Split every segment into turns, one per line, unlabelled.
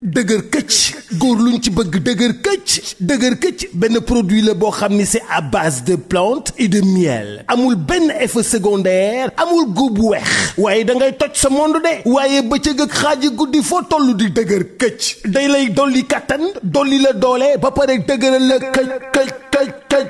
dëgër këcc góor luñ ci bëgg dëgër këcc dëgër këcc benn produit la boo xam ni c'est à base de plantes et de miel amul benn effet secondaire amul góob bu weex waaye da ngay toj sa monde de waaye bëccëg ak xaaji guddi foo toll di dëgër këcc day lay dolli kattan dolli la doole ba pare dëgëral la këcc këcc këcc këcc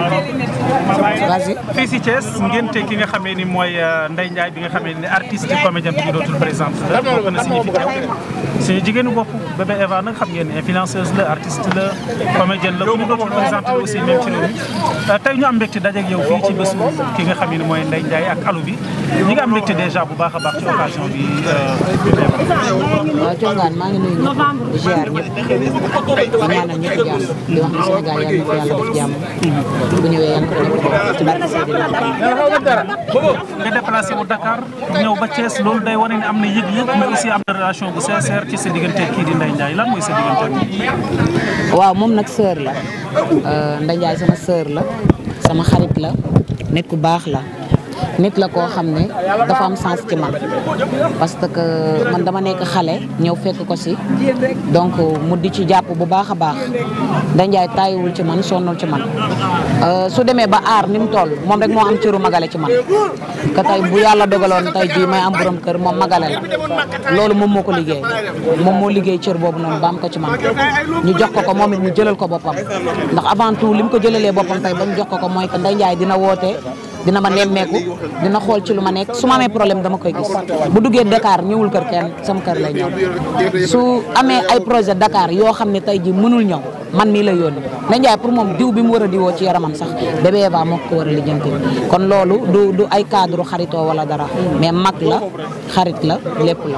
fii si Thiès ngénte ki nga xamee ni mooy euh, Ndeye Ndiaye bi nga xamee ni artiste comédien bi ñu dootul présente bokk na suñu fi teew suñu jigéenu bopp bébé Eva nag xam ngeen ni influenceuse la artiste la comédienne la bu ñu dootul présente la aussi même ci réew mi euh, tey ñu am mbégte dajeeg yow fii ci bésu ki nga xamee ni mooy Ndeye Ndiaye ak alu bi ñi nga am mbégte déjà bu baax a baax ci occasion bi
euh, waaw congaan maa ngi nuyu ñëpp di ziar ñëpp bu ñëwee yàlla na ko def ci barke
nga déplacé wu Dakar ñëw ba Thiès loolu day wane am na yëg-yëg mais aussi am na relation bu sincère ci sa diggante kii di Ndeye Ndiaye lan mooy sa diggante
waaw moom nag sœur la euh, Ndeye Ndiaye sama sœur la sama xarit la nit ku baax la. nit la koo xam ne dafa am sens ci man parce que man dama nekk xale ñëw fekk ko si donc mu di ci jàpp bu baax a baax danjaay taayiwul ci man sonnul ci man euh, su demee ba aar ni mu toll moom rek moo am cëru magale ci man que tey bu yàlla dogaloon tey jii may am borom kër moom magale la loolu moom moo ko liggéey moom moo liggéey cër boobu noonu ba am ko ci man ñu jox ko ko moom it mu jëlal ko boppam ndax avant tout li mu ko jëlalee boppam tey ba ñu jox ko ko mooy que danjaay dina wootee dina ma nemmeeku dina xool ci lu ma nekk su ma amee problème dama koy gis bu duggee dakaar ñëwul kër kenn sama kër lay ñëw su amee ay projet dakaar yoo xam ne tey jii mënul ñëw man mii la yónni na Ndiaye pour moom diw bi mu war a diwoo ci yaramam sax bébé Eva moo ko war a lijjanti kon loolu du du ay cadre xaritoo wala dara mais mag la xarit la lépp la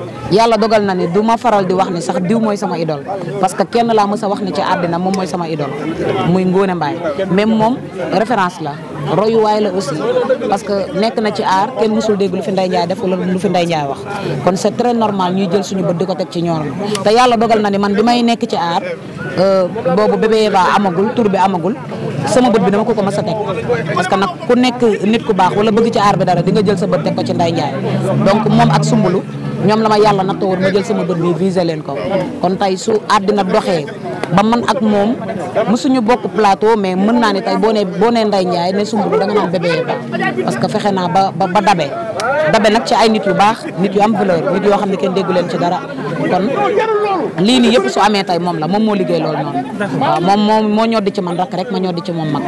yàlla dogal na ni du ma faral di wax ni sax diw mooy sama idole parce que kenn laa mës a wax ni ci àddina moom mooy sama idole muy Ngone Mbaye même moom référence la royuwaay la aussi parce que nekk na ci aar kenn mësul dégg lu fi Ndeye Ndiaye def wala lu fi Ndeye Ndiaye wax kon c'est très normal ñuy jël suñu bët di ko teg ci ñoom te yàlla dogal na ni man bi may nekk ci aar euh, boobu bébé baa amagul tur bi amagul sama bët bi dama ko ko mas a teg parce que nag ku nekk nit ku baax wala bëgg ci aar bi dara di nga jël sa bët teg ko ci nday Ndiaye ñoom la ma yàlla nattoo woon ma jël sama bët bi visé leen ko kon tey su àddina doxee ba man ak moom mësuñu bokk plateau mais mën naa ne tey boo ne boo nee Ndeye Ndiaye ne Soumboulou da nga naan parce que fexe naa ba ba dabe dabe nag ci ay nit yu baax nit yu am valeur nit yoo xam ne kenn déggu leen ci dara kon lii nii yëpp su amee tey moom la moom moo liggéey loolu noonu. waaw moom moo moo ñoo di ci man rak rek ma ñoo di ci moom mag.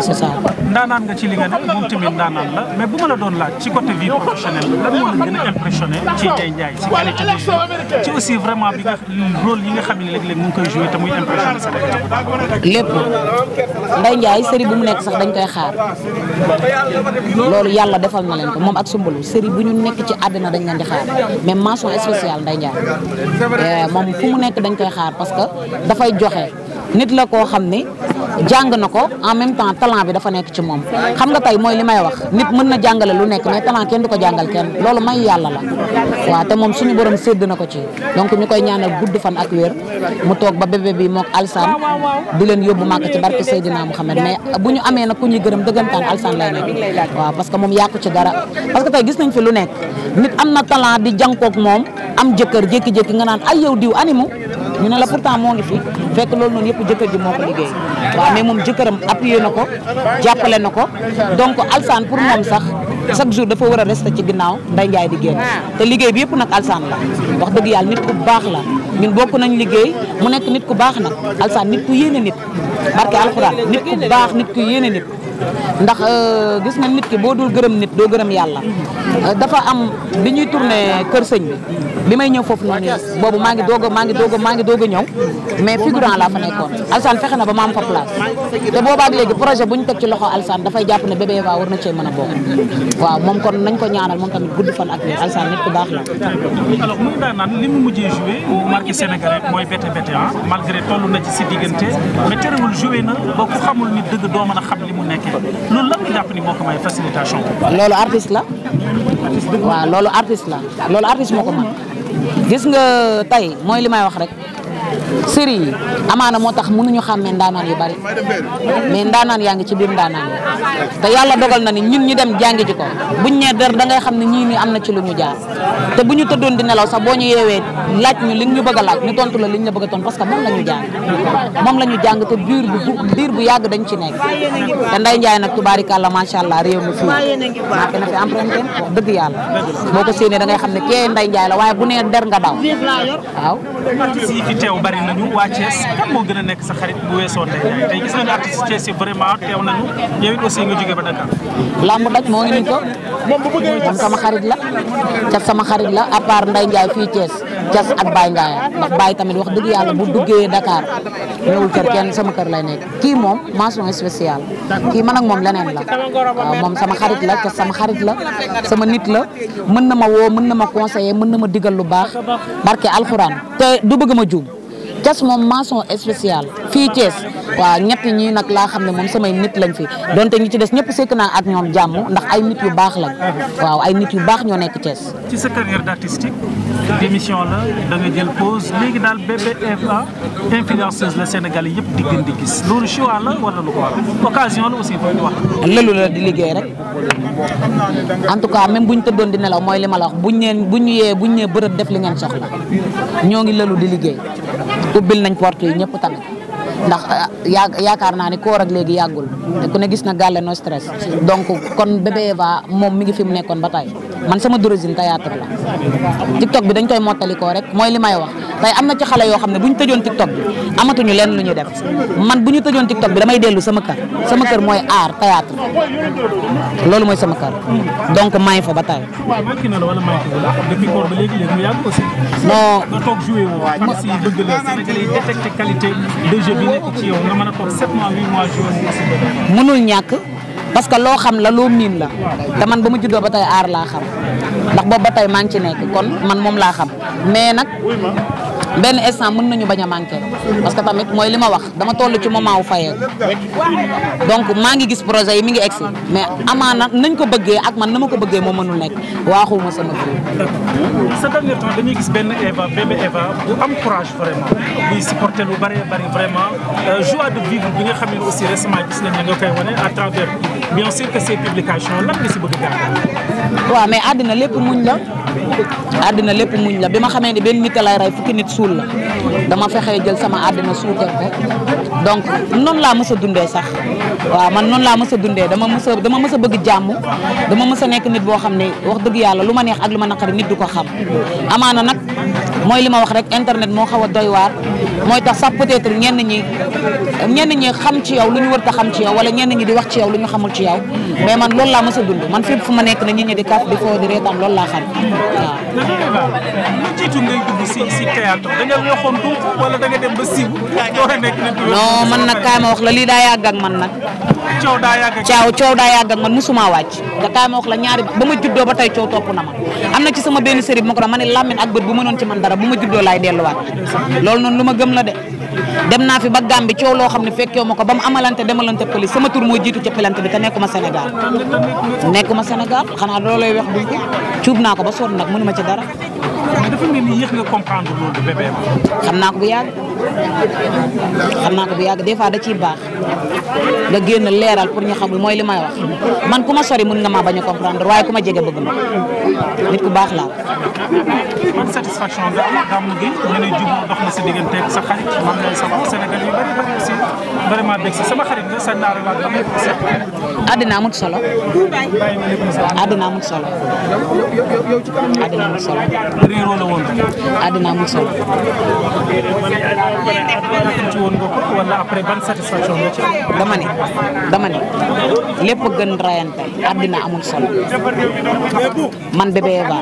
c'est ça.
ndaanaan nga ci li nga ne moom tamit ndaanaan la mais bu ma la doon laaj ci côté vie professionnelle lan moo la gën a impressionné ci Ndeye Ndiaye si qualité de jeu ci aussi vraiment bi nga rôle yi nga xam ne léeg-léeg mu ngi koy joué te muy impressionné Sénégal.
lépp Ndeye Ndiaye série bu mu nekk sax dañ koy xaar loolu yàlla defal na leen ko moom ak Soumboulou série bu ñu nekk ci àddina dañ leen di xaar mais mention spéciale Ndeye Ndiaye euh, moom fu mu nekk dañ koy xaar parce que dafay joxe. nit la koo xam ni jàng na ko en même temps talent bi dafa nekk ci moom xam nga tey mooy li may wax nit mën na jàngale lu nekk mais talent kenn du ko jàngal kenn loolu may yàlla la waaw te moom suñu borom sédd na ko ci donc ñu koy ñaanal gudd fan ak wér mu toog ba bébé bi mook alsaan di leen yóbbu màkk ci barke Seydina Mouhamed mais bu ñu amee na ku ñuy gërëm dëggantaan alsaan lay nekk waa parce que moom yàqu ci dara parce que tey gis nañ fi lu nekk am na talent di jànkoog moom am jëkkër jékki-jékki nga naan ay yow diw animu ñu ne la pourtant moo ngi fi fekk loolu noonu yëpp jëkkër ji moo ko liggéey waaw mais moom jëkkëram appuyé na ko jàppale na ko donc alsaan pour moom sax chaque jour dafa war a rester ci ginnaaw Ndeye Ndiaye di génn te liggéey bi yëpp nag alsaan la wax dëgg yàlla nit ku baax la ñun bokk nañu liggéey mu nekk nit ku baax nag alsaan nit ku yéene nit barke alxuraan nit ku baax nit ku yéene nit ndax euh, gis na nit ki boo dul gërëm nit doo gërëm yàlla euh, dafa am bi ñuy tourné kër sëñ bi bi may ñëw foofu noonu boobu maa ngi doog a maa ngi ngi doog a ñëw mais figurant laa fa nekkoon Alsaan fexe na ba ma am fa place te boobaak léegi projet bu ñu teg ci loxo Alsaan dafay jàpp ne bébé Eva war na cee mën a bokk waaw moom kon nañ ko ñaanal moom tamit gudd fan ak wér Alsaan nit ku baax la
alors mën ngaa naan li mu mujjee joué marqué sénégalais mooy bété bété ah malgré toll na ci si diggante a loolu lan nga jàpp ni moo ko may facilitation. loolu artiste
la. artiste waaw loolu artiste la loolu artiste moo ko mën gis nga tey mooy li may wax rek. série yi amaana moo tax mënuñu xàmmee ndaanaan yu bari mais ndaanaan yaa ngi ci biir ndaanaan yi te yàlla dogal na ni ñun ñu dem jàngi ji ko buñ nee der da ngay xam ne ñii ni am na ci lu ñu jaar te bu ñu tëddoon di nelaw sax boo ñu yeewee laaj ñu li ñu bëgg a laaj ñu tontu la li ñu la bëgg a parce que moom la jàng moom la ñu jàng te biir bu biir bu yàgg dañ ci nekk te Ndeye Ndiaye nag tubaarikàlla macha allah réew mi fii marqué na fi emprunté wax dëgg yàlla boo ko séenee da ngay xam ne kee Ndeye la waaye bu nee der nga daw waaw
bari nañu nekk sa bu weesoo Ndeye Ndiaye
daj moo ngi nii toog man sama xarit la Thiès sama xarit la à part Ndeye fii Thiès Thiès ak Baye Ndiaye ndax Baye tamit wax dëgg yàlla bu duggee dakaar ñëwul kër kenn sama kër lay nekk kii moom mention spéciale kii man ak moom leneen la waaw moom sama xarit la Thiès sama xarit la sama nit la mën na ma woo mën na ma conseiller mën na ma diggal lu baax barke alxuraan te du bëgg ma juum. Just mon mention spéciale fii Thiès waaw ñett ñi nag laa xam ne moom samay nit lañ fi donte ñu ci des ñëpp sekk naa ak ñoom jàmm ndax ay nit yu baax lañ waaw ay nit yu baax ñoo nekk Thiès.
ci sa carrière d'artistique démission la da nga jël pause léegi daal BBFA influenceuse la Sénégal yëpp di gën di gis loolu choix la wala
la di liggéey rek en tout cas même bu ñu tëddoon di nelaw mooy li ma la wax bu ñu nee bu ñu yee bu ñu nee bërëb def li ngeen soxla ñoo ngi lëlu di liggéey ubbil nañ porte yi ñëpp tamit. ndax yaakaar naa ni koor ak léegi yàggul te ku ne gis na gàlle no stress donc kon bébé ba moom mi ngi fi mu nekkoon ba tey man sama d'origine théâtre la TikTok bi dañ koy mottalikoo rek mooy li may wax tey am na ci xale yoo xam ne bu ñu tëjoon TikTok bi amatuñu lenn lu ñuy def man bu ñu tëjoon TikTok bi damay dellu sama kër sama kër mooy art théâtre loolu mooy sama kër donc may fa ba tey.
non. nekk a toog 7 mois
ñàkk parce que loo xam la loo miin la te man ba ma juddoo ba tey aar laa xam ndax boobu ba tey maa ngi ci nekk kon man moom laa xam mais nag benn instant mën nañu bañ a manqué parce que tamit mooy li ma wax dama toll ci moment wu fayee donc maa ngi gis projet yi mi ngi egsi mais amaana nañ ko bëggee ak man na ma ko bëggee moo mënul nekk waaxul ma sa
dernier temps dañuy gis benn Eva am courage vraiment buy supporter lu bëree vraiment euh, joie de vivre bi nga xam ne aussi récemment gis nañ ne nga koy a gàllankoor.
waaw mais àddina lépp muñ la. àddina lépp muñ la bi ma xamee ne benn nit a lay rey fukki nit suul la dama fexe jël sama sama àddina suukar ko donc noonu laa mës a dundee sax waaw man noonu laa mës dundee dama mës a dama mës a bëgg jàmm dama mës a nekk nit boo xam ne wax dëgg yàlla lu ma neex ak lu ma naqari nit du ko xam amaana nag mooy li ma wax rek internet moo xaw a doy waar mooy tax sax peut-être ñenn ñi ñenn ñi xam ci yow lu ñu wërta xam ci yow wala ñenn ñi di wax ci yow lu ñu xamul ci yow mais man loolu laa mës dund man fépp fu ma nekk na nit ñi di kaf di foo di reetaan laa xam waaw. siiw.
non man nag kaay ma wax la lii daa
yàgg man nag. coow daa yàgg ak caaw coow daa yàgg man musuma wàcc. nga kaay ma wax la ñaari ba ma juddoo ba tey coow topp na am na ci sama benn série bu ma ko doon ak bët bu mënoon ci man dara bu ma juddoo lay delluwaat loolu noonu lu ma gëm la de. dem naa fi ba Gàmbi coow loo xam ne fekkew ma ko ba mu amalante demalante pëlis sama tur moo jiitu ca pelante bi te nekkuma Sénégal nekkuma Sénégal xanaa loolay wax buñ ko cuub naa ko ba sonn nag mënuma ci dara. mais xam naa ko bu yàgg. xam naa ko bu yàgg des fois da ciy baax nga génn leeral pour ñu xamul mooy li may wax man ku ma sori mun nga maa bañ a comprendre waaye ku ma jege bëgg na nit ku baax laa.
man satisfaction nga am sa diggante ak
amut solo. àddina amut solo. àddina amut solo. réeroo amut solo. ci woon nga ko wala après ban satisfaction dama ne dama ne lépp gën rayante àddina amul solo man bébé Eva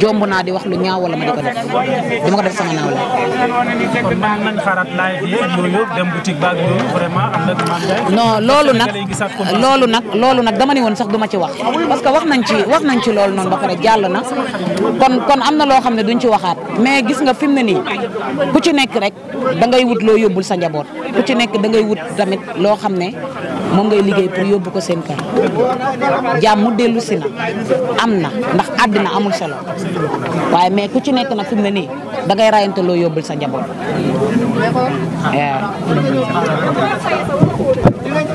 jomb naa di wax lu ñaaw wala ma di ko def
di ma ko def sama naaw la. kon man nañ xaaraat live yi na non loolu nag
loolu nag loolu nag dama ne woon sax duma ci wax parce que wax nañ ci wax nañ ci loolu noonu ba pare jàll na kon kon am na loo xam ne duñ ci waxaat mais gis nga fi mu ne nii ku ci nekk rek. da ngay wut loo yóbbul sa njaboot ku ci nekk da ngay wut tamit loo xam ne moom ngay liggéey pour yóbbu ko seen kër jàmm dellu si na am na ndax àddina amul solo waaye mais ku ci nekk nag fi na nii da ngay rayante loo yóbbul sa njaboot.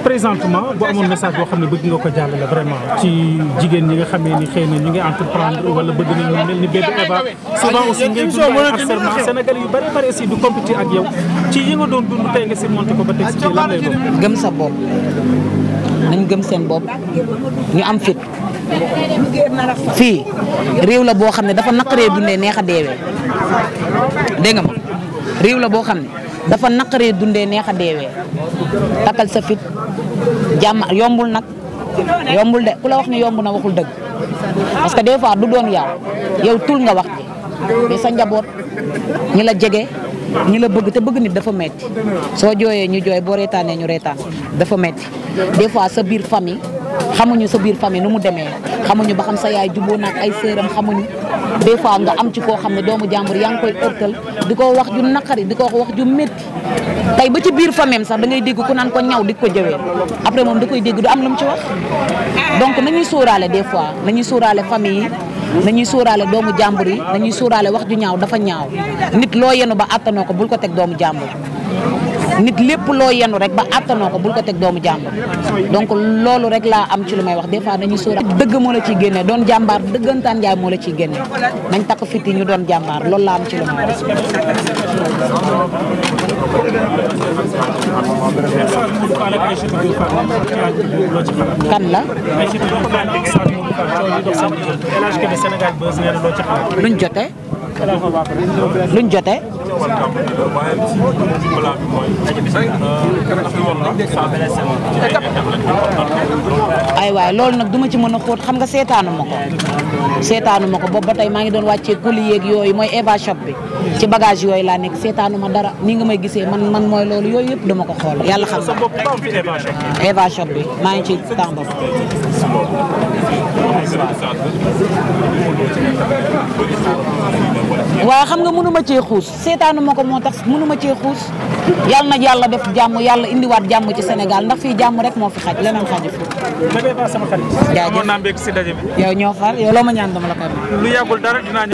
présentement bu amoon message boo xam ne bëgg nga ko jàllale vraiment ci jigéen ñi nga xamee ni xëy na ñu ngi entreprendre wala bëgg nañ ñu mel ni bébé Eva souvent aussi ngay dund harcèlement Sénégal yu bari bari aussi du compétir ak yow
ci yi nga doon dund tey nga si ko ba teg si lan lay doon. gëm sa bopp nañ gëm seen bopp ñu am fit. fii réew la boo xam ne dafa naqaree dundee neex a deewee dégg ma réew la boo xam ne dafa naqaree dundee neex a deewee takkal sa fit jàmm yombul nag yombul de ku la wax ne yomb na waxul dëgg parce que des fois du doon yow yow tul nga wax ji sa njaboot ñi la jege ñi la bëgg te bëgg nit dafa metti soo jooyee ñu jooy boo reetaanee ñu reetaan dafa metti des fois sa biir famille xamuñu sa biir famille nu mu demee xamuñu ba xam sa yaay juboo naag ay séeram xamuñu des fois nga am ci koo xam ne doomu jàmbur yaa ngi koy ërtal di ko wax ju naqari di ko wax ju métti tey ba ci biir famille sax da dégg ku naan ko ñaw di ko jëwee après moom da koy dégg am lu mu ci wax donc nañuy sóoraale des fois nañuy sóoraale famille yi dañuy suuraale doomu jàmbur yi nañuy sóoraale wax ju ñaaw dafa ñaaw nit loo yenu ba àttanoo ko bul ko teg doomu jàmbur nit lépp loo yenu rek ba àttanoo ko bul ko teg doomu jàmbur donc loolu rek laa am ci lu may wax des fois dañuy sóora dëgg moo la ciy génne doon jàmbaar dëggantaan njaay moo la ciy génne nañ takk yi ñu doon jàmbaar loolu laa am ci lu may kan la luñ jote luñ jotee. ay waay loolu nag duma ci mën a xóot xam nga seetaanu ma ko seetaanu ma ko boobu ba tey maa ngi doon wàccee colis yeeg yooyu mooy Eva shop bi ci bagage yooyu laa nekk seetaanu ma dara nii nga may gisee man man mooy loolu yooyu yëpp dama ko xool yàlla xam nga Eva shop bi maa ngi ci temps boobu waaw xam nga mënuma cee xuus seetaanu ma ko moo tax mënuma cee xuus yàlla na yàlla def jàmm yàlla indiwaat jàmm ci senegal ndax fii jàmm rek moo fi xaj leneen xaju fi. ñoo far yow loo ma ñaan dama la koy
lu yàggul dara dinaa